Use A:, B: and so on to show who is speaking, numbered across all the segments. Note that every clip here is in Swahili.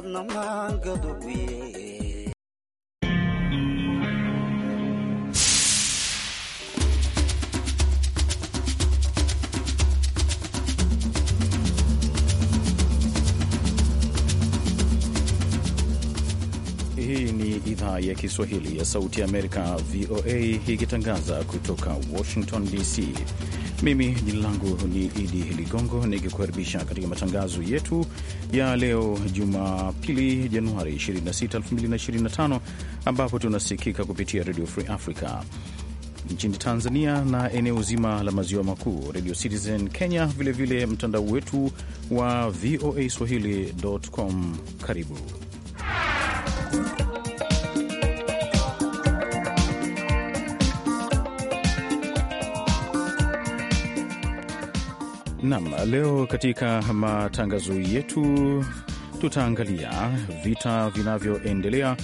A: Hii ni
B: idhaa ya Kiswahili ya Sauti ya Amerika, VOA, ikitangaza kutoka Washington DC. Mimi jina langu ni Idi Ligongo nikikukaribisha katika matangazo yetu ya leo Jumapili, Januari 26, 2025, ambapo tunasikika kupitia Radio Free Africa nchini Tanzania na eneo zima la maziwa makuu, Radio Citizen Kenya, vilevile mtandao wetu wa VOA swahili.com. Karibu nam leo katika matangazo yetu tutaangalia vita vinavyoendelea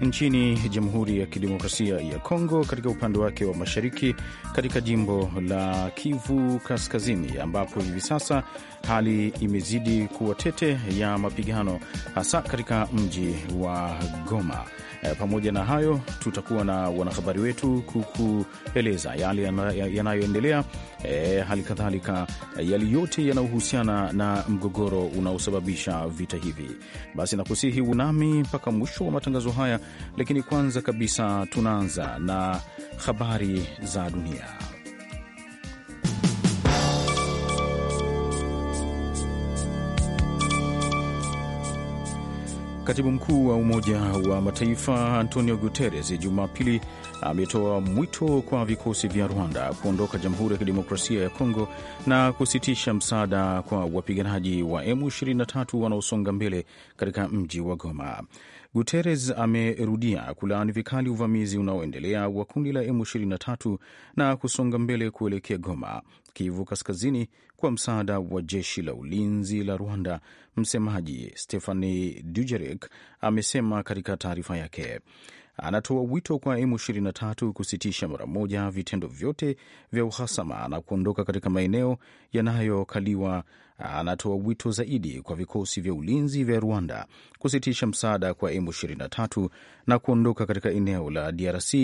B: nchini Jamhuri ya Kidemokrasia ya Kongo katika upande wake wa mashariki katika jimbo la Kivu Kaskazini, ambapo hivi sasa hali imezidi kuwa tete ya mapigano hasa katika mji wa Goma. E, pamoja na hayo, tutakuwa na wanahabari wetu kukueleza yale yanayoendelea e, hali kadhalika yali yote yanayohusiana na mgogoro unaosababisha vita hivi. Basi nakusihi unami mpaka mwisho wa matangazo haya, lakini kwanza kabisa tunaanza na habari za dunia. Katibu mkuu wa Umoja wa Mataifa Antonio Guterres Jumapili ametoa mwito kwa vikosi vya Rwanda kuondoka Jamhuri ya Kidemokrasia ya Kongo na kusitisha msaada kwa wapiganaji wa M23 wanaosonga mbele katika mji wa Goma. Guterres amerudia kulaani vikali uvamizi unaoendelea wa kundi la M23 na kusonga mbele kuelekea Goma, Kivu Kaskazini, kwa msaada wa jeshi la ulinzi la Rwanda. Msemaji Stephane Dujarric amesema katika taarifa yake anatoa wito kwa M23 kusitisha mara moja vitendo vyote vya uhasama na kuondoka katika maeneo yanayokaliwa. Anatoa wito zaidi kwa vikosi vya ulinzi vya Rwanda kusitisha msaada kwa M23 na kuondoka katika eneo la DRC,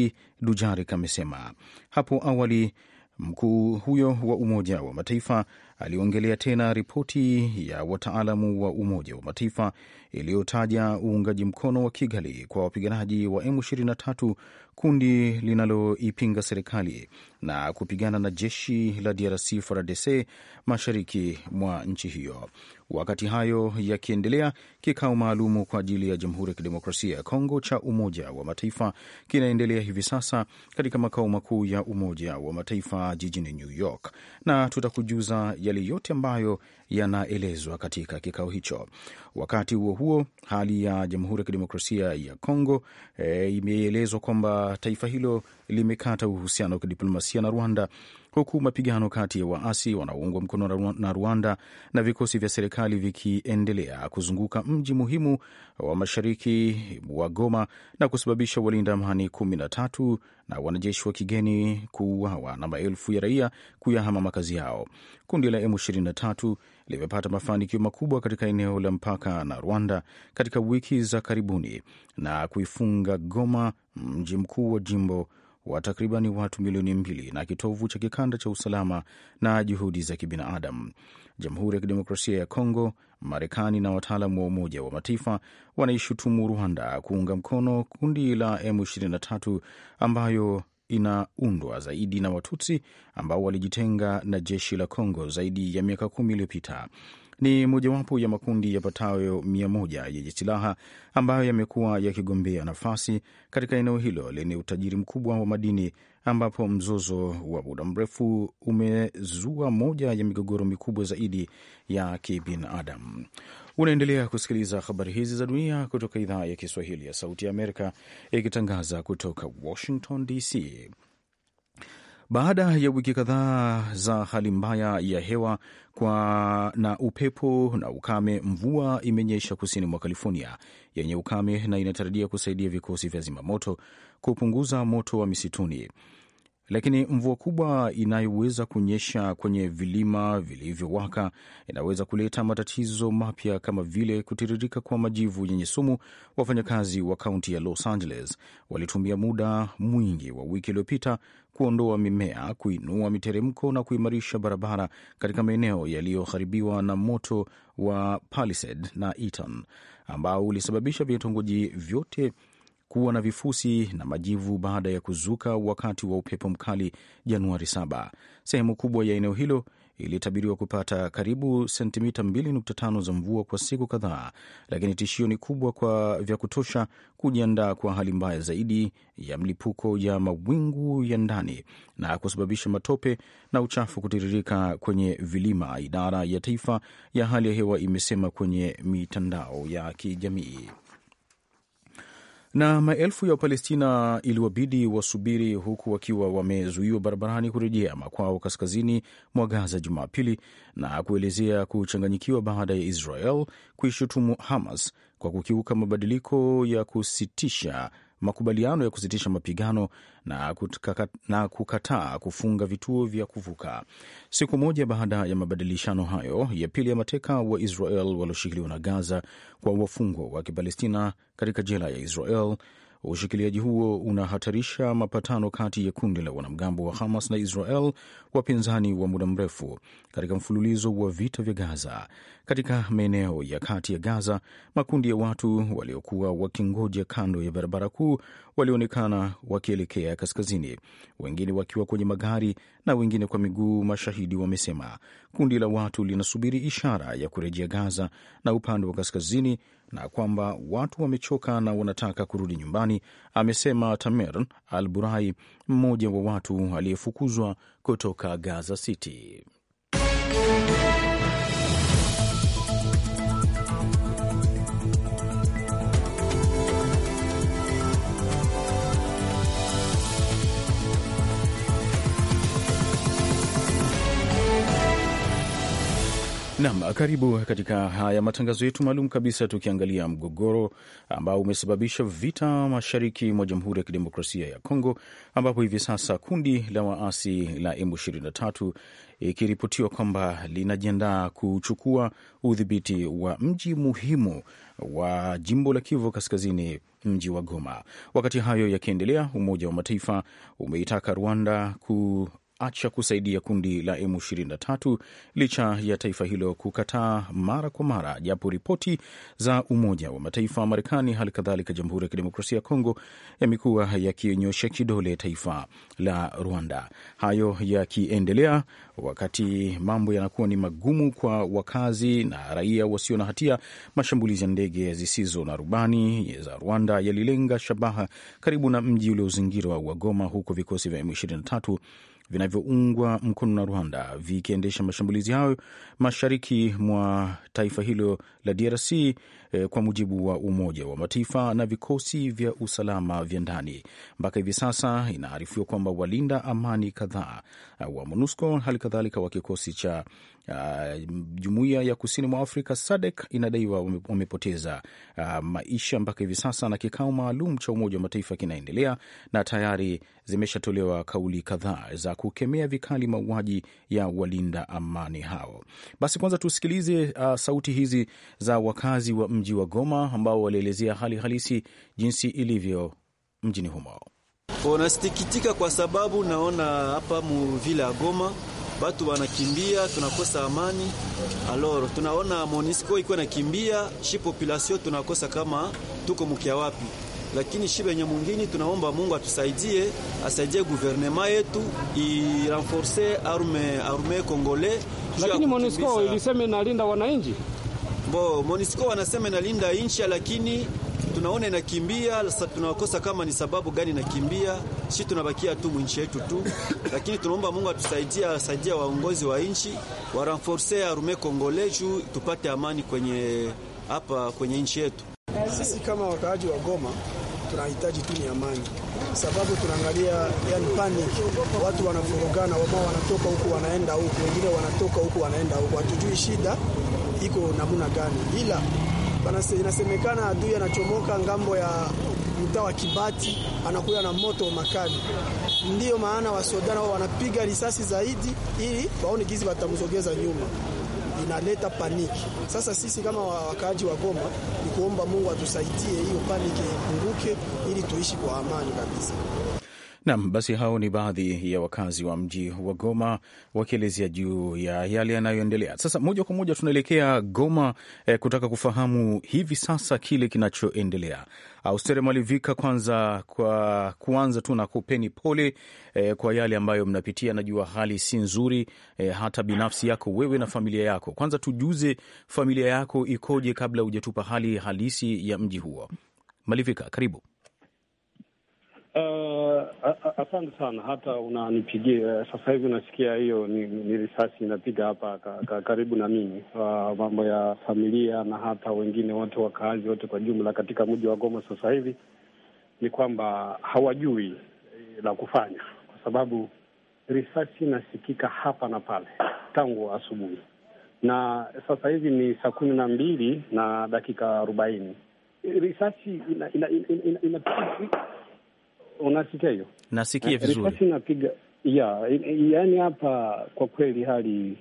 B: Dujarik amesema hapo awali. Mkuu huyo wa Umoja wa Mataifa aliongelea tena ripoti ya wataalamu wa Umoja wa Mataifa iliyotaja uungaji mkono wa Kigali kwa wapiganaji wa M23, kundi linaloipinga serikali na kupigana na jeshi la DRC FARDC mashariki mwa nchi hiyo. Wakati hayo yakiendelea, kikao maalumu kwa ajili ya Jamhuri ya Kidemokrasia ya Kongo cha Umoja wa Mataifa kinaendelea hivi sasa katika makao makuu ya Umoja wa Mataifa jijini New York, na tutakujuza yale yote ambayo yanaelezwa katika kikao hicho. Wakati huo huo, hali ya Jamhuri ya Kidemokrasia ya Kongo e, imeelezwa kwamba taifa hilo limekata uhusiano wa kidiplomasia na Rwanda huku mapigano kati ya waasi wanaoungwa mkono na Rwanda na vikosi vya serikali vikiendelea kuzunguka mji muhimu wa mashariki wa Goma na kusababisha walinda amani kumi na tatu na wanajeshi wa kigeni kuuawa na maelfu ya raia kuyahama makazi yao. Kundi la M23 limepata mafanikio makubwa katika eneo la mpaka na Rwanda katika wiki za karibuni na kuifunga Goma, mji mkuu wa jimbo wa takribani watu milioni mbili na kitovu cha kikanda cha usalama na juhudi za kibinadamu. Jamhuri ya Kidemokrasia ya Kongo, Marekani na wataalam wa Umoja wa Mataifa wanaishutumu Rwanda kuunga mkono kundi la M23 ambayo inaundwa zaidi na Watutsi ambao walijitenga na jeshi la Kongo zaidi ya miaka kumi iliyopita ni mojawapo ya makundi yapatayo mia moja yenye silaha ambayo yamekuwa yakigombea nafasi katika eneo hilo lenye utajiri mkubwa wa madini, ambapo mzozo wa muda mrefu umezua moja ya migogoro mikubwa zaidi ya kibinadamu. Unaendelea kusikiliza habari hizi za dunia kutoka idhaa ya Kiswahili ya Sauti ya Amerika, ikitangaza kutoka Washington DC. Baada ya wiki kadhaa za hali mbaya ya hewa kwa na upepo na ukame, mvua imenyesha kusini mwa California yenye ukame na inatarajia kusaidia vikosi vya zimamoto kupunguza moto wa misituni, lakini mvua kubwa inayoweza kunyesha kwenye vilima vilivyowaka inaweza kuleta matatizo mapya kama vile kutiririka kwa majivu yenye sumu. Wafanyakazi wa kaunti ya Los Angeles walitumia muda mwingi wa wiki iliyopita kuondoa mimea, kuinua miteremko na kuimarisha barabara katika maeneo yaliyoharibiwa na moto wa Palisade na Eaton ambao ulisababisha vitongoji vyote kuwa na vifusi na majivu baada ya kuzuka wakati wa upepo mkali Januari 7. Sehemu kubwa ya eneo hilo ilitabiriwa kupata karibu sentimita 2.5 za mvua kwa siku kadhaa, lakini tishio ni kubwa kwa vya kutosha kujiandaa kwa hali mbaya zaidi ya mlipuko ya mawingu ya ndani na kusababisha matope na uchafu kutiririka kwenye vilima, idara ya taifa ya hali ya hewa imesema kwenye mitandao ya kijamii na maelfu ya Wapalestina iliwabidi wasubiri huku wakiwa wamezuiwa barabarani kurejea makwao kaskazini mwa Gaza Jumapili, na kuelezea kuchanganyikiwa baada ya Israel kuishutumu Hamas kwa kukiuka mabadiliko ya kusitisha makubaliano ya kusitisha mapigano na, kutkaka, na kukataa kufunga vituo vya kuvuka. Siku moja baada ya mabadilishano hayo ya pili ya mateka wa Israel walioshikiliwa na Gaza kwa wafungwa wa Kipalestina katika jela ya Israel, ushikiliaji huo unahatarisha mapatano kati ya kundi la wanamgambo wa Hamas na Israel, wapinzani wa muda mrefu katika mfululizo wa vita vya Gaza. Katika maeneo ya kati ya Gaza, makundi ya watu waliokuwa wakingoja kando ya barabara kuu walionekana wakielekea kaskazini, wengine wakiwa kwenye magari na wengine kwa miguu. Mashahidi wamesema kundi la watu linasubiri ishara ya kurejea Gaza na upande wa kaskazini, na kwamba watu wamechoka na wanataka kurudi nyumbani, amesema Tamer Al Burai, mmoja wa watu aliyefukuzwa kutoka Gaza City. Nam, karibu katika haya matangazo yetu maalum kabisa, tukiangalia mgogoro ambao umesababisha vita mashariki mwa Jamhuri ya Kidemokrasia ya Kongo, ambapo hivi sasa kundi la waasi la M23 ikiripotiwa kwamba linajiandaa kuchukua udhibiti wa mji muhimu wa jimbo la Kivu Kaskazini, mji wa Goma. Wakati hayo yakiendelea, Umoja wa Mataifa umeitaka Rwanda ku acha kusaidia kundi la M23 licha ya taifa hilo kukataa mara kwa mara, japo ripoti za Umoja wa Mataifa, Marekani, hali kadhalika Jamhuri ya Kidemokrasia ya Kongo yamekuwa yakionyesha kidole taifa la Rwanda. Hayo yakiendelea, wakati mambo yanakuwa ni magumu kwa wakazi na raia wasio na hatia, mashambulizi ya ndege zisizo na rubani za Rwanda yalilenga shabaha karibu na mji uliozingirwa wa Goma, huko vikosi vya M23 vinavyoungwa mkono na Rwanda vikiendesha mashambulizi hayo mashariki mwa taifa hilo la DRC Eh, kwa mujibu wa Umoja wa Mataifa na vikosi vya usalama vya ndani. Mpaka hivi sasa inaarifiwa kwamba walinda amani kadhaa eh, wa MONUSCO hali kadhalika wa kikosi cha Uh, jumuiya ya kusini mwa Afrika SADC inadaiwa wamepoteza uh, maisha mpaka hivi sasa, na kikao maalum cha Umoja wa Mataifa kinaendelea na tayari zimeshatolewa kauli kadhaa za kukemea vikali mauaji ya walinda amani hao. Basi kwanza tusikilize uh, sauti hizi za wakazi wa mji wa Goma ambao walielezea hali halisi jinsi ilivyo mjini humo.
A: Nasikitika kwa sababu naona hapa muvile ya Goma batu wanakimbia, tunakosa amani. Alor, tunaona Monisco iko nakimbia shi populasio, tunakosa kama tuko mkia wapi, lakini shi benye mungini, tunaomba Mungu atusaidie, asaidie guvernema yetu irenforce arme arme kongole.
C: Lakini Monisco ilisema inalinda wananchi
A: bo monisco wanasema inalinda nchi, lakini tunaona inakimbia. Sasa tunakosa kama ni sababu gani inakimbia, si tunabakia tu mwinchi yetu tu, lakini tunaomba Mungu atusaidie, asaidie waongozi wa nchi wa renforcer arume kongoleju tupate amani kwenye hapa kwenye nchi yetu.
C: Sisi kama wakaaji wa Goma tunahitaji tu ni amani, sababu tunaangalia
B: yani panic, watu wanafurugana, wama wanatoka huku wanaenda huku, wengine wanatoka huku wanaenda huku, hatujui shida iko namuna gani, ila inasemekana adui anachomoka ngambo ya mtaa wa Kibati, anakuya na moto makali. Ndiyo maana wasoda nao wanapiga risasi zaidi, ili waone gizi watamsogeza nyuma, inaleta paniki. Sasa sisi kama wakaaji wa Goma ni kuomba Mungu atusaidie hiyo paniki ipunguke, ili tuishi kwa amani kabisa. Nam, basi hao ni baadhi ya wakazi wa mji wa Goma wakielezea juu ya yale yanayoendelea sasa. Moja kwa moja tunaelekea Goma eh, kutaka kufahamu hivi sasa kile kinachoendelea. Austere Malivika, kwanza kwa kuanza tu na kupeni pole eh, kwa yale ambayo mnapitia. Najua hali si nzuri eh, hata binafsi yako wewe na familia yako. Kwanza tujuze familia yako ikoje kabla hujatupa hali halisi ya mji huo. Malivika, karibu.
C: Uh, asante sana, hata unanipigia sasa hivi. unasikia hiyo ni, ni risasi inapiga hapa ka, ka, karibu na mimi uh, mambo ya familia na hata wengine wote, wakaazi wote kwa jumla katika mji wa Goma sasa hivi ni kwamba hawajui la kufanya, kwa sababu risasi inasikika hapa na pale tangu asubuhi, na sasa hivi ni saa kumi na mbili na dakika arobaini risasi ina, ina, ina, ina, ina, ina, ina Unasikia hiyo?
B: Nasikia eh, vizuri. Risasi
C: napiga ya, yaani hapa kwa kweli hali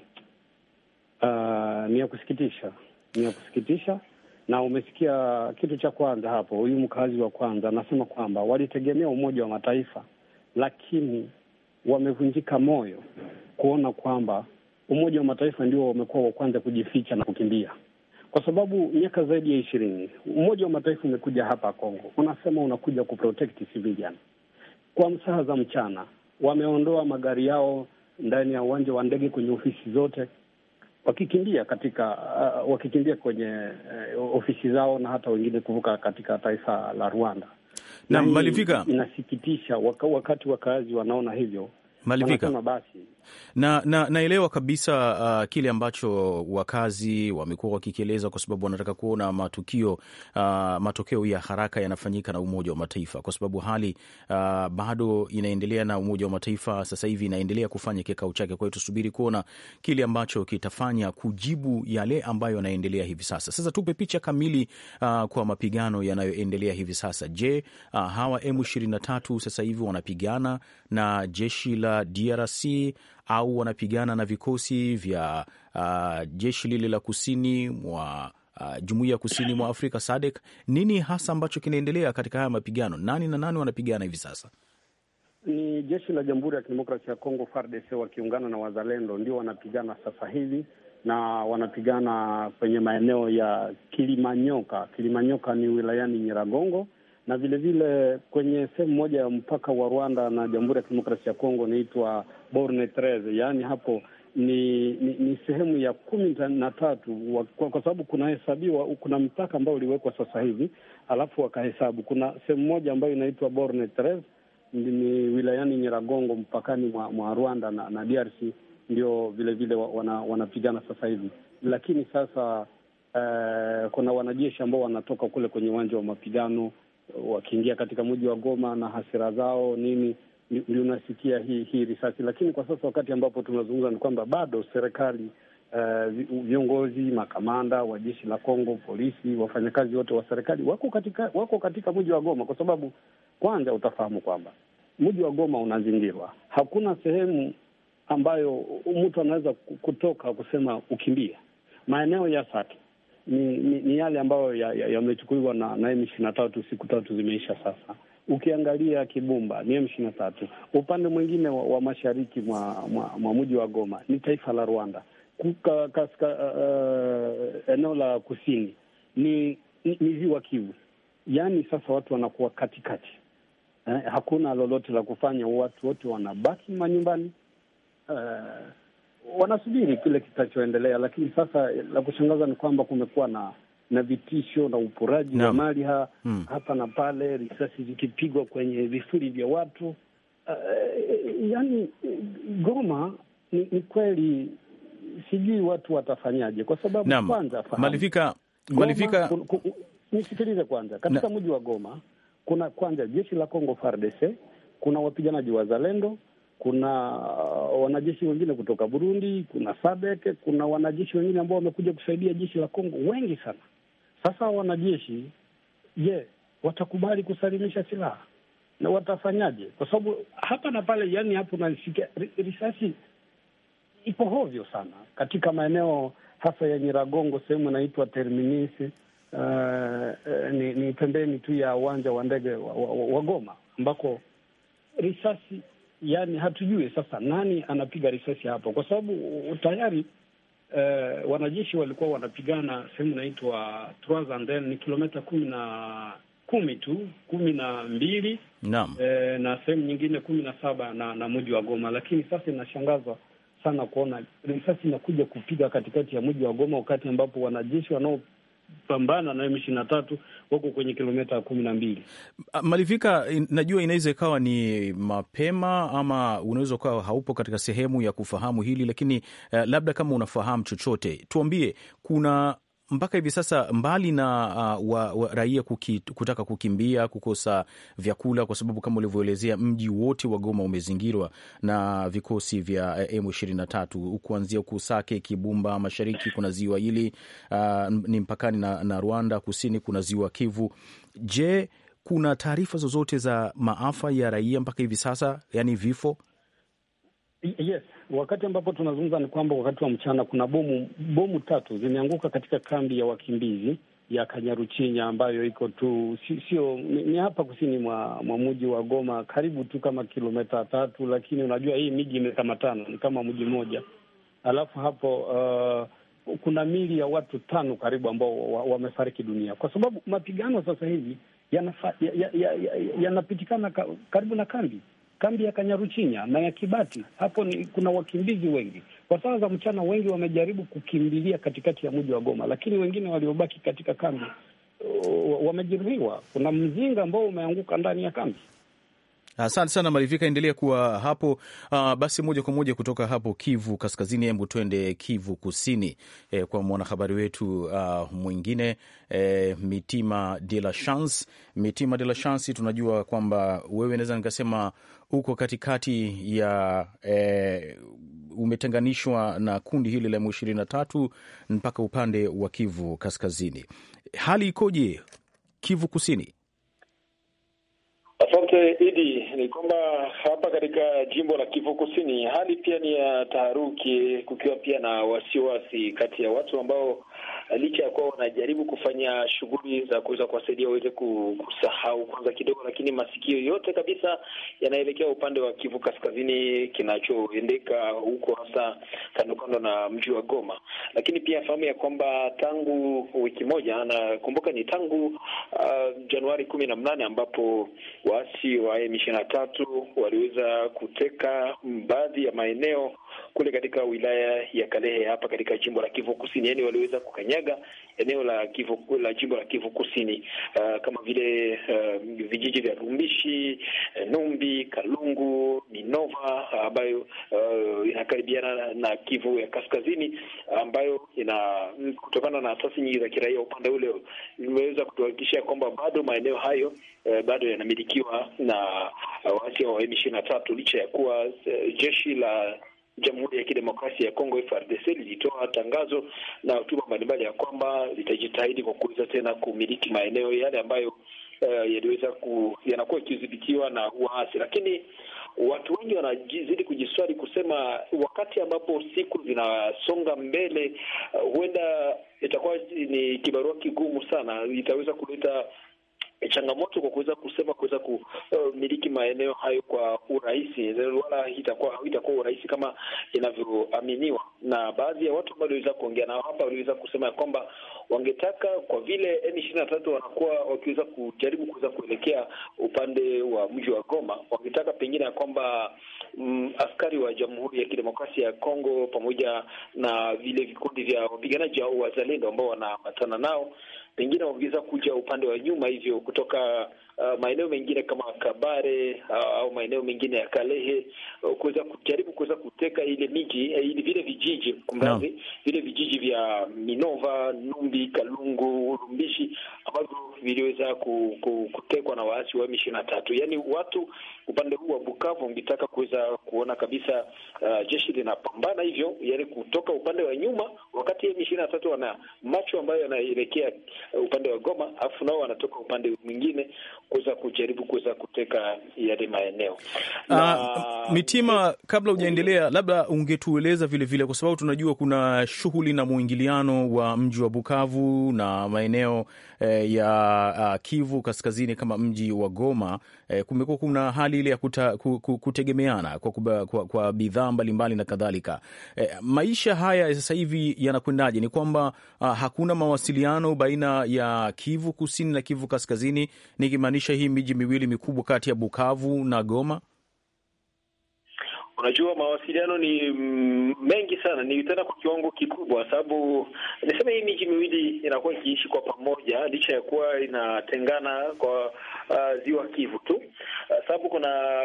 C: uh, ni ya kusikitisha, ni ya kusikitisha. Na umesikia kitu cha kwanza hapo, huyu mkazi wa kwanza anasema kwamba walitegemea Umoja wa Mataifa, lakini wamevunjika moyo kuona kwamba Umoja wa Mataifa ndio wamekuwa wa kwanza kujificha na kukimbia kwa sababu miaka zaidi ya ishirini Umoja wa Mataifa umekuja hapa Kongo, unasema unakuja kuprotekti civilian. Kwa msaha za mchana wameondoa magari yao ndani ya uwanja wa ndege kwenye ofisi zote, wakikimbia katika uh, wakikimbia kwenye uh, ofisi zao na hata wengine kuvuka katika taifa la Rwanda.
B: Na malifika
C: inasikitisha wakati wakaazi wanaona hivyo, malifika, basi
B: na, na naelewa kabisa uh, kile ambacho wakazi wamekuwa wakikieleza, kwa sababu wanataka kuona matukio uh, matokeo ya haraka yanafanyika na Umoja wa Mataifa, kwa sababu hali uh, bado inaendelea, na Umoja wa Mataifa sasa hivi inaendelea kufanya kikao chake. Kwa hiyo tusubiri kuona kile ambacho kitafanya kujibu yale ambayo yanaendelea hivi sasa. Sasa tupe picha kamili uh, kwa mapigano yanayoendelea hivi sasa. Je, uh, hawa M23 sasa hivi wanapigana na jeshi la DRC au wanapigana na vikosi vya uh, jeshi lile la kusini mwa uh, jumuiya ya kusini mwa Afrika SADC. Nini hasa ambacho kinaendelea katika haya mapigano? Nani na nani wanapigana hivi sasa?
C: Ni jeshi la Jamhuri ya Kidemokrasia ya Kongo FARDC wakiungana na wazalendo ndio wanapigana sasa hivi, na wanapigana kwenye maeneo ya Kilimanyoka. Kilimanyoka ni wilayani Nyiragongo na vilevile kwenye sehemu moja ya mpaka wa Rwanda na Jamhuri ya Kidemokrasia ya Kongo inaitwa Borne Treze, yaani hapo ni, ni, ni sehemu ya kumi na tatu wa, kwa, kwa sababu kunahesabiwa, kuna mpaka ambao uliwekwa sasa hivi alafu wakahesabu. Kuna sehemu moja ambayo inaitwa Borne Treze ni wilayani Nyiragongo mpakani mwa, mwa Rwanda na, na DRC ndio vilevile wana, wanapigana sasa hivi, lakini sasa eh, kuna wanajeshi ambao wanatoka kule kwenye uwanja wa mapigano wakiingia katika mji wa Goma na hasira zao nini, unasikia hii hii risasi. Lakini kwa sasa wakati ambapo tunazungumza ni kwamba bado serikali Uh, viongozi makamanda wa jeshi la Kongo, polisi, wafanyakazi wote wa serikali wako katika wako katika mji wa Goma, kwa sababu kwanza utafahamu kwamba mji wa Goma unazingirwa. Hakuna sehemu ambayo mtu anaweza kutoka kusema ukimbia. Maeneo ya Sake ni, ni, ni yale ambayo yamechukuliwa ya, ya na, na M ishirini na tatu. Siku tatu zimeisha sasa. Ukiangalia Kibumba ni M ishirini na tatu, upande mwingine wa, wa mashariki mwa, mwa, mwa mji wa Goma ni taifa la Rwanda kuka, kaska, uh, uh, eneo la kusini ni, ni, ni ziwa Kivu. Yaani sasa watu wanakuwa katikati eh, hakuna lolote la kufanya, watu wote wanabaki manyumbani uh, wanasubiri kile kitachoendelea, lakini sasa la kushangaza ni kwamba kumekuwa na na vitisho na uporaji wa mali ha, mm. hapa na pale, risasi zikipigwa kwenye vifuri vya watu. Uh, eh, yani Goma ni, ni kweli sijui watu watafanyaje, kwa sababu Naam. Kwanza malifika malifika, nisikilize kwanza, katika mji wa Goma kuna kwanza jeshi la congo FARDC, kuna wapiganaji wa Zalendo kuna uh, wanajeshi wengine kutoka Burundi, kuna Sadek, kuna wanajeshi wengine ambao wamekuja kusaidia jeshi la Kongo, wengi sana. Sasa wanajeshi, je, watakubali kusalimisha silaha na watafanyaje? Kwa sababu hapa na pale, yani hapo nasikia risasi iko hovyo sana katika maeneo hasa ya Nyiragongo, sehemu inaitwa Terminisi. Uh, uh, ni, ni pembeni tu ya uwanja wa ndege wa, wa, wa Goma ambako risasi yani hatujui sasa nani anapiga risasi hapo, kwa sababu tayari eh, wanajeshi walikuwa wanapigana sehemu inaitwa Troisanden, ni kilomita kumi na kumi tu kumi na mbili naam, E, na sehemu nyingine kumi na saba na, na mji wa Goma, lakini sasa inashangazwa sana kuona risasi inakuja kupiga katikati ya mji wa Goma wakati ambapo wanajeshi wanao pambana na M23 wako kwenye kilomita kumi na mbili.
B: Ah, Malivika, najua inaweza ikawa ni mapema ama unaweza ukawa haupo katika sehemu ya kufahamu hili, lakini uh, labda kama unafahamu chochote tuambie, kuna mpaka hivi sasa, mbali na uh, wa, wa raia kuki, kutaka kukimbia, kukosa vyakula, kwa sababu kama ulivyoelezea mji wote wa Goma umezingirwa na vikosi vya eh, M23 kuanzia Kusake, Kibumba, mashariki kuna ziwa hili uh, ni mpakani na, na Rwanda, kusini kuna ziwa Kivu. Je, kuna taarifa zozote za maafa ya raia mpaka hivi sasa, yani vifo?
C: Yes, wakati ambapo tunazungumza ni kwamba wakati wa mchana kuna bomu bomu tatu zimeanguka katika kambi ya wakimbizi ya Kanyaruchinya ambayo iko tu sio ni, ni hapa kusini mwa, mwa mji wa Goma karibu tu kama kilomita tatu, lakini unajua hii miji imekamatana ni kama mji mmoja. Alafu hapo uh, kuna mili ya watu tano karibu ambao wamefariki wa dunia kwa sababu mapigano sasa hivi yanapitikana ya, ya, ya, ya, ya karibu na kambi kambi ya Kanyaruchinya na ya Kibati. Hapo ni kuna wakimbizi wengi. Kwa saa za mchana, wengi wamejaribu kukimbilia katikati ya mji wa Goma, lakini wengine waliobaki katika kambi uh, wamejeruhiwa. Kuna mzinga ambao umeanguka ndani ya kambi.
B: Asante sana Marivika, endelea kuwa hapo. Uh, basi moja kwa moja kutoka hapo Kivu Kaskazini, hebu twende Kivu Kusini eh, kwa mwanahabari wetu uh, mwingine eh, Mitima de la Chance. Mitima de la Chance, tunajua kwamba wewe, naweza nikasema uko katikati ya eh, umetenganishwa na kundi hili la m tatu mpaka upande wa Kivu Kaskazini, hali ikoje Kivu Kusini?
A: Asante Idi. Ni kwamba hapa katika jimbo la Kivu Kusini hali pia ni ya taharuki, kukiwa pia na wasiwasi kati ya watu ambao licha ya kuwa wanajaribu kufanya shughuli za kuweza kuwasaidia waweze kusahau kwanza kidogo, lakini masikio yote kabisa yanaelekea upande wa Kivu Kaskazini, kinachoendeka huko hasa kando kando na mji wa Goma. Lakini pia fahamu ya kwamba tangu wiki moja, nakumbuka ni tangu uh, Januari kumi na mnane ambapo waasi wa M ishirini na tatu waliweza kuteka baadhi ya maeneo kule katika wilaya ya Kalehe hapa katika jimbo la Kivu Kusini, yani waliweza kukanyaga eneo la Kivu la jimbo la Kivu Kusini, uh, kama vile uh, vijiji vya Rumbishi, eh, Numbi, Kalungu, Minova ambayo uh, inakaribiana na Kivu ya Kaskazini ambayo ina kutokana na asasi nyingi za kiraia upande ule imeweza kutuhakikishia kwamba bado maeneo hayo eh, bado yanamilikiwa na waasi wa M na tatu licha ya kuwa eh, jeshi la Jamhuri ya Kidemokrasia ya Kongo FRDC lilitoa tangazo na hotuba mbalimbali ya kwamba litajitahidi kwa kuweza tena kumiliki maeneo yale ambayo uh, yaliweza ku, yanakuwa ikidhibitiwa na waasi, lakini watu wengi wanazidi kujiswali kusema, wakati ambapo siku zinasonga mbele, uh, huenda itakuwa ni kibarua kigumu sana, itaweza kuleta E, changamoto kwa kuweza kusema kuweza kumiliki eh, maeneo hayo kwa urahisi, eh, wala itakuwa itakuwa urahisi kama inavyoaminiwa na baadhi ya watu ambao waliweza kuongea nao hapa, waliweza kusema ya kwamba wangetaka kwa vile M23 wanakuwa wakiweza kujaribu kuweza kuelekea upande wa mji wa Goma, wangetaka pengine ya kwamba mm, askari wa Jamhuri ya Kidemokrasia ya Kongo pamoja na vile vikundi vya wapiganaji au wazalendo ambao wanaambatana nao pengine wangeweza kuja upande wa nyuma hivyo kutoka uh, maeneo mengine kama Kabare uh, au maeneo mengine ya Kalehe uh, kuweza kujaribu kuweza kuteka ile miji eh, ile vile vijiji kumradhi no. vile vijiji vya Minova, Numbi, Kalungu, Urumbishi ambavyo viliweza ku, ku, kutekwa na waasi wa M23. Yaani watu upande huu wa Bukavu wangetaka kuweza kuona kabisa uh, jeshi linapambana hivyo, yaani kutoka upande wa nyuma, wakati M23 wana macho ambayo yanaelekea uh, upande wa Goma, afu nao wanatoka upande mwingine kuweza kujaribu kuweza katika yale maeneo ah, na...
B: Uh, Mitima, kabla hujaendelea, labda ungetueleza vile vile, kwa sababu tunajua kuna shughuli na mwingiliano wa mji wa Bukavu na maeneo eh, ya uh, Kivu Kaskazini kama mji wa Goma eh, kumekuwa kuna hali ile ya kuta, kutegemeana kwa, kwa, kwa, kwa bidhaa mbalimbali na kadhalika eh, maisha haya sasa hivi yanakwendaje? Ni kwamba uh, hakuna mawasiliano baina ya Kivu Kusini na Kivu Kaskazini, nikimaanisha hii miji miwili mikubwa kati ya Bukavu na Goma?
A: Unajua, mawasiliano ni mm, mengi sana, ni tena kwa kiwango kikubwa, sababu nisema hii miji miwili inakuwa ikiishi kwa pamoja, licha ya kuwa inatengana kwa uh, ziwa Kivu tu, uh, sababu kuna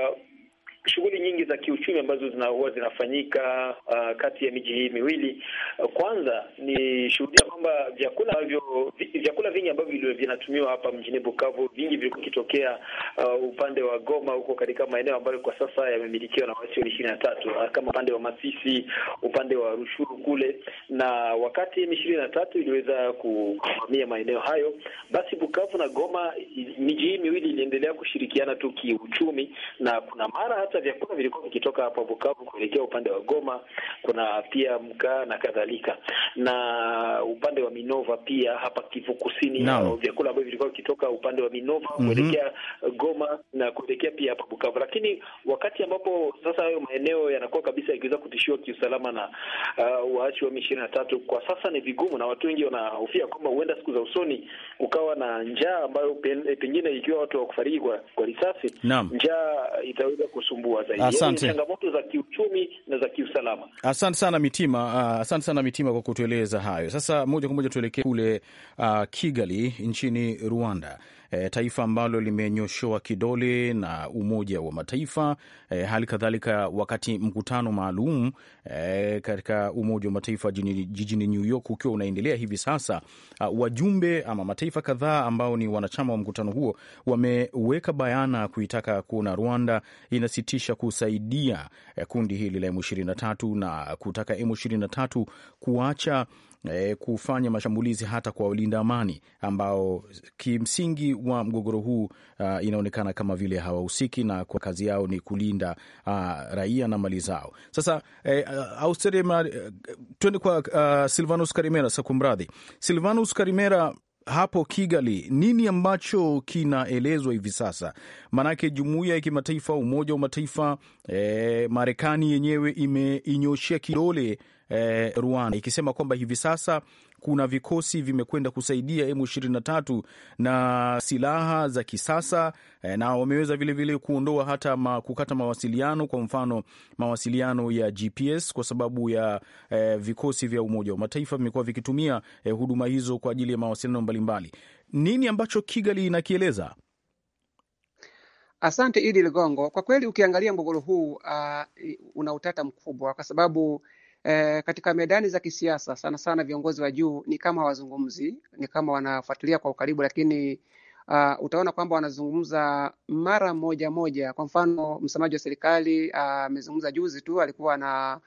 A: shughuli nyingi za kiuchumi ambazo zinahuwa zinafanyika uh, kati ya miji hii miwili. Uh, kwanza ni shughuli kwamba vyakula ambavyo vyakula vingi ambavyo vinatumiwa hapa mjini Bukavu vingi vilikuwa vikitokea uh, upande wa Goma huko katika maeneo ambayo kwa sasa yamemilikiwa na waasi wa ishirini na tatu uh, kama upande wa Masisi, upande wa Rushuru kule, na wakati ishirini na tatu iliweza kuvamia maeneo hayo, basi Bukavu na Goma, miji hii miwili iliendelea kushirikiana tu kiuchumi, na kuna mara hata vyakula vilikuwa vikitoka hapa Bukavu kuelekea upande wa Goma, kuna pia mkaa na kadhalika na upande upande wa Minova pia hapa Kivu Kusini no. vyakula ambavyo vilikuwa vikitoka upande wa Minova mm -hmm. kuelekea uh, Goma na kuelekea pia hapa Bukavu, lakini wakati ambapo sasa hayo maeneo yanakuwa kabisa yakiweza kutishiwa kiusalama na uh, waasi wa M23 kwa sasa ni vigumu, na watu wengi wanahofia kwamba huenda siku za usoni ukawa na njaa ambayo pengine ikiwa watu hawakufariki kwa, kwa risasi no. njaa itaweza kusumbua zaidi. Yaani asante. changamoto za kiuchumi na za kiusalama.
B: Asante sana Mitima, uh, asante sana Mitima kwa kutueleza hayo sasa moja kwa moja tuelekee kule uh, Kigali nchini Rwanda, e, taifa ambalo limenyoshewa kidole na Umoja wa Mataifa e, hali kadhalika wakati mkutano maalum e, katika Umoja wa Mataifa jini, jijini New York ukiwa unaendelea hivi sasa, uh, wajumbe ama mataifa kadhaa ambao ni wanachama wa mkutano huo wameweka bayana kuitaka kuona Rwanda inasitisha kusaidia e, kundi hili la M23 na kutaka M23 kuacha eh, kufanya mashambulizi hata kwa walinda amani ambao kimsingi wa mgogoro huu uh, inaonekana kama vile hawahusiki na kwa kazi yao ni kulinda uh, raia na mali zao. Sasa e, uh, twende kwa uh, Silvanus Karimera. Sakumradhi, Silvanus Karimera hapo Kigali, nini ambacho kinaelezwa hivi sasa? Maanake jumuiya ya kimataifa, Umoja wa Mataifa, e, Marekani yenyewe imeinyoshea kidole eh, Rwanda ikisema kwamba hivi sasa kuna vikosi vimekwenda kusaidia M23 na silaha za kisasa eh, na wameweza vilevile kuondoa hata ma, kukata mawasiliano, kwa mfano mawasiliano ya GPS kwa sababu ya eh, vikosi vya Umoja wa Mataifa vimekuwa vikitumia eh, huduma hizo kwa ajili ya mawasiliano mbalimbali. Nini ambacho Kigali inakieleza?
D: Asante Idi Ligongo. Kwa kweli ukiangalia mgogoro huu uh, una utata mkubwa kwa sababu E, katika medani za kisiasa sana sana viongozi wa juu ni kama wazungumzi, ni kama wanafuatilia kwa ukaribu, lakini uh, utaona kwamba wanazungumza mara moja moja. Kwa mfano, msemaji wa serikali ah, amezungumza uh, juzi tu alikuwa na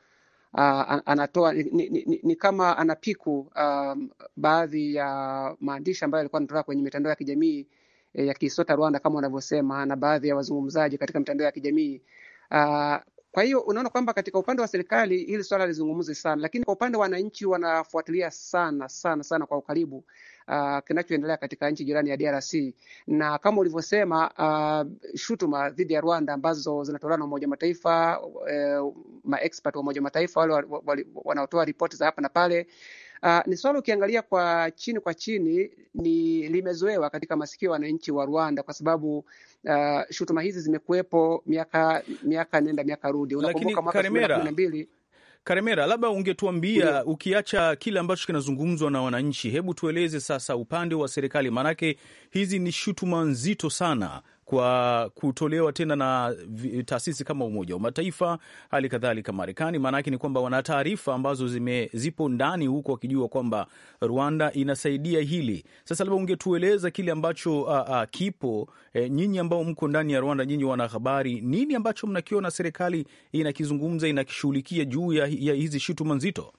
D: uh, ah, anatoa ni, ni, ni, ni kama anapiku uh, baadhi ya maandishi ambayo alikuwa anatoka kwenye mitandao ya kijamii eh, ya Kisota Rwanda kama wanavyosema na baadhi ya wazungumzaji katika mitandao ya kijamii. Uh, kwa hiyo unaona kwamba katika upande wa serikali hili swala lizungumzi sana, lakini kwa upande wa wananchi wanafuatilia sana sana sana kwa ukaribu uh, kinachoendelea katika nchi jirani ya DRC na kama ulivyosema, uh, shutuma dhidi ya Rwanda ambazo zinatolewa na Umoja Mataifa, uh, maexpert wa Umoja Mataifa wale wanaotoa ripoti za hapa na pale Uh, ni swala ukiangalia kwa chini kwa chini ni limezoewa katika masikio ya wananchi wa Rwanda kwa sababu uh, shutuma hizi zimekuwepo miaka miaka nenda miaka rudi. Unakumbuka mwaka 2012
B: Karemera, labda ungetuambia ukiacha kile ambacho kinazungumzwa na wananchi, hebu tueleze sasa upande wa serikali, maanake hizi ni shutuma nzito sana kwa kutolewa tena na taasisi kama Umoja wa Mataifa, hali kadhalika Marekani. maanaake ni kwamba wana taarifa ambazo zime, zipo ndani huko wakijua kwamba Rwanda inasaidia hili. Sasa labda ungetueleza kile ambacho a, a, kipo e, nyinyi ambao mko ndani ya Rwanda, nyinyi wanahabari, nini ambacho mnakiona serikali inakizungumza inakishughulikia juu ya, ya hizi shutuma nzito?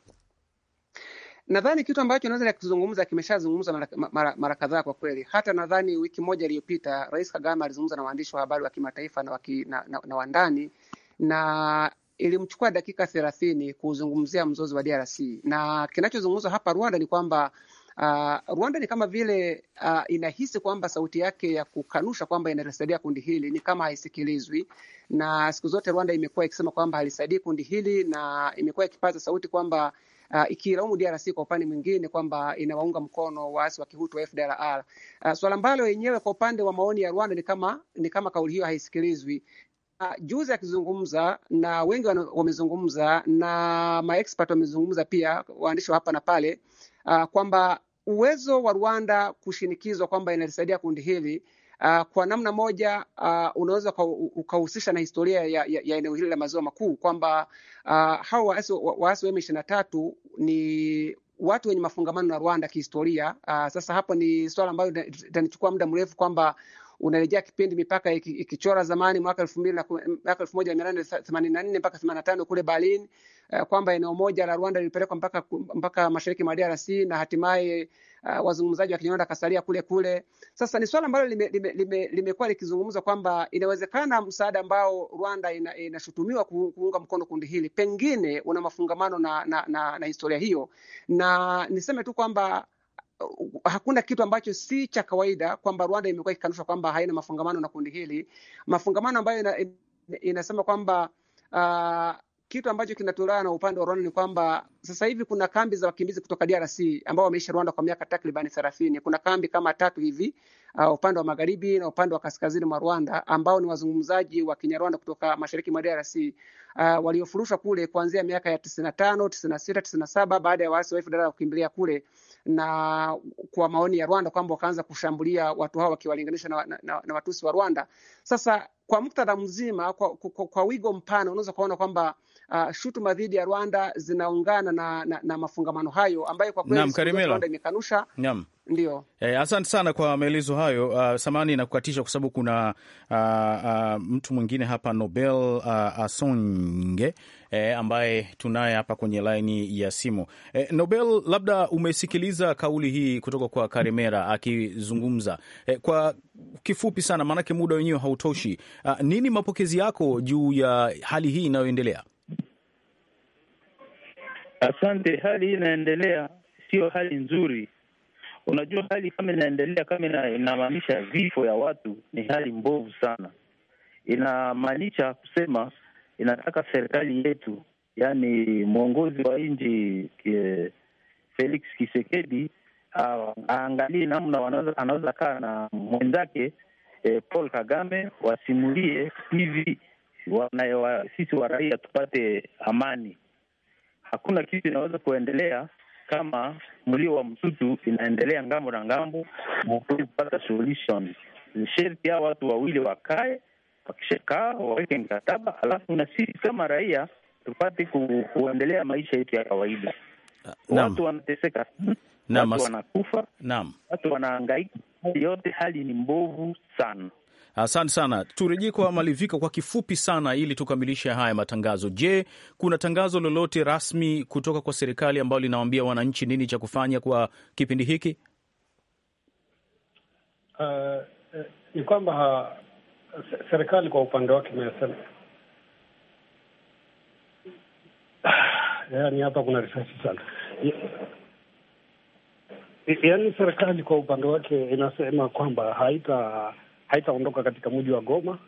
D: Nadhani kitu ambacho naweza nikizungumza kimeshazungumza mara, mara, mara kadhaa kwa kweli. Hata nadhani wiki moja iliyopita Rais Kagame alizungumza na waandishi wa habari wa kimataifa na, waki, na, na, na wandani na ilimchukua dakika thelathini kuzungumzia mzozo wa DRC na kinachozungumzwa hapa Rwanda ni kwamba uh, Rwanda ni kama vile uh, inahisi kwamba sauti yake ya kukanusha kwamba inalisaidia kundi hili ni kama haisikilizwi, na siku zote Rwanda imekuwa ikisema kwamba halisaidii kundi hili na imekuwa ikipaza sauti kwamba uh, ah, ikilaumu DRC kwa upande mwingine kwamba inawaunga mkono waasi wa kihutu wa FDLR. Uh, ah, swala ambalo yenyewe kwa upande wa maoni ya Rwanda ni kama ni kama kauli hiyo haisikilizwi. Uh, juzi akizungumza na wengi wamezungumza na maexpert wamezungumza pia waandishi hapa na pale uh, kwamba uwezo wa Rwanda kushinikizwa kwamba inalisaidia kundi hili uh, kwa namna moja uh, unaweza ukahusisha na historia ya, ya, ya eneo hili la maziwa makuu kwamba uh, hawa waasi wa m tatu ni watu wenye mafungamano na Rwanda kihistoria. Uh, sasa hapo ni swala ambayo itanichukua muda mrefu kwamba unarejea kipindi mipaka ikichora zamani mwaka elfu mbili mwaka elfu moja mia nane themanini na nne mpaka themanini na tano kule Berlin, eh, kwamba eneo moja la Rwanda lilipelekwa mpaka, mpaka mashariki mwa DRC na hatimaye uh, wazungumzaji wakijiona kasalia kule kule. Sasa ni swala ambalo limekuwa lime, lime, lime likizungumzwa kwamba inawezekana msaada ambao Rwanda inashutumiwa ina kuunga mkono kundi hili pengine una mafungamano na, na, na, na historia hiyo, na niseme tu kwamba uh, hakuna kitu ambacho si cha kawaida kwamba Rwanda imekuwa ikikanusha kwamba haina mafungamano na kundi hili, mafungamano ambayo ina, inasema kwamba uh, kitu ambacho kinatolewa na upande wa Rwanda ni kwamba sasa hivi kuna kambi za wakimbizi kutoka DRC ambao wameishi Rwanda kwa miaka takribani thelathini. Kuna kambi kama tatu hivi uh, upande wa magharibi na upande wa kaskazini mwa Rwanda ambao ni wazungumzaji wa Kinyarwanda kutoka mashariki mwa DRC uh, waliofurushwa kule kuanzia miaka ya tisini na tano, tisini na sita, tisini na saba baada ya waasi wa FDLR kukimbilia kule na kwa maoni ya Rwanda kwamba wakaanza kushambulia watu hao wakiwalinganisha na, na, na, na Watusi wa Rwanda. Sasa kwa muktadha mzima, kwa, kwa, kwa wigo mpana unaweza kuona kwamba uh, shutuma dhidi ya Rwanda zinaungana na, na, na mafungamano hayo ambayo kwa kweli Rwanda imekanusha. Naam. Ndio,
B: E, asante sana kwa maelezo hayo. Uh, ah, samani na kukatisha kwa sababu kuna uh, uh, mtu mwingine hapa Nobel uh, Asonge eh, ambaye tunaye hapa kwenye laini ya simu eh, Nobel, labda umesikiliza kauli hii kutoka kwa Karemera akizungumza eh, kwa kifupi sana, maanake muda wenyewe hautoshi. Uh, nini mapokezi yako juu ya hali hii inayoendelea?
A: Asante. Hali hii inaendelea, sio hali nzuri. Unajua, hali kama inaendelea kama ina, inamaanisha vifo ya watu, ni hali mbovu sana. Inamaanisha kusema inataka serikali yetu, yaani mwongozi wa nchi Felix Tshisekedi aangalie namna anaweza kaa na mwenzake eh, Paul Kagame, wasimulie hivi wanayo, sisi wa raia tupate amani hakuna kitu inaweza kuendelea kama mlio wa mtutu inaendelea ngambo na ngambo, kupata solution. sherti hao watu wawili wakae, wakishakaa waweke mkataba, alafu na sisi kama raia tupate ku, kuendelea maisha yetu ya kawaida. Ah, watu wanateseka,
B: watu wanakufa,
A: watu wanaangaika yote hali ni mbovu
B: sana. Asante sana, turejee kwa Malivika kwa kifupi sana, ili tukamilishe haya matangazo. Je, kuna tangazo lolote rasmi kutoka kwa serikali ambalo linawaambia wananchi nini cha kufanya kwa kipindi hiki?
C: Uh, uh ni kwamba uh, serikali kwa upande wake imesema yaani, hapa kuna risasi sana. Yaani serikali kwa upande wake inasema kwamba haita haitaondoka katika mji wa Goma.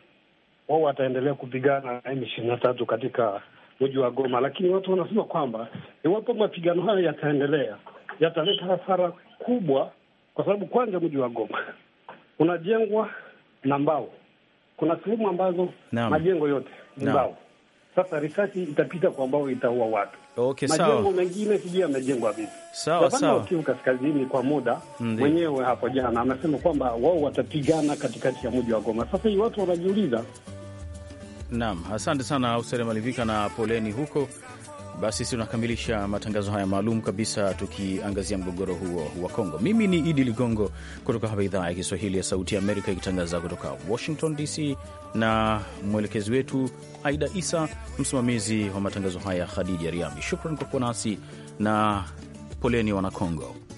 C: Wao wataendelea kupigana na m katika mji wa Goma, lakini watu wanasema kwamba iwapo mapigano hayo yataendelea, yataleta hasara kubwa, kwa sababu kwanza mji wa Goma unajengwa na mbao. Kuna sehemu ambazo no. majengo yote ni mbao no. Sasa risasi itapita kwa mbao, itaua watu. Okay, majengo mengine sijui yamejengwa vipi. Sawa sawa, Kivu Kaskazini kwa muda mwenyewe hapo jana amesema kwamba wao watapigana katikati ya mji wa Goma. Sasa hii watu wanajiuliza.
B: Naam, asante sana Usere Malivika na poleni huko basi tunakamilisha matangazo haya maalum kabisa tukiangazia mgogoro huo wa Kongo. Mimi ni Idi Ligongo kutoka hapa idhaa ya Kiswahili ya Sauti ya Amerika ikitangaza kutoka Washington DC, na mwelekezi wetu Aida Isa, msimamizi wa matangazo haya Khadija Riami. Shukran kwa kuwa nasi na poleni wana Kongo.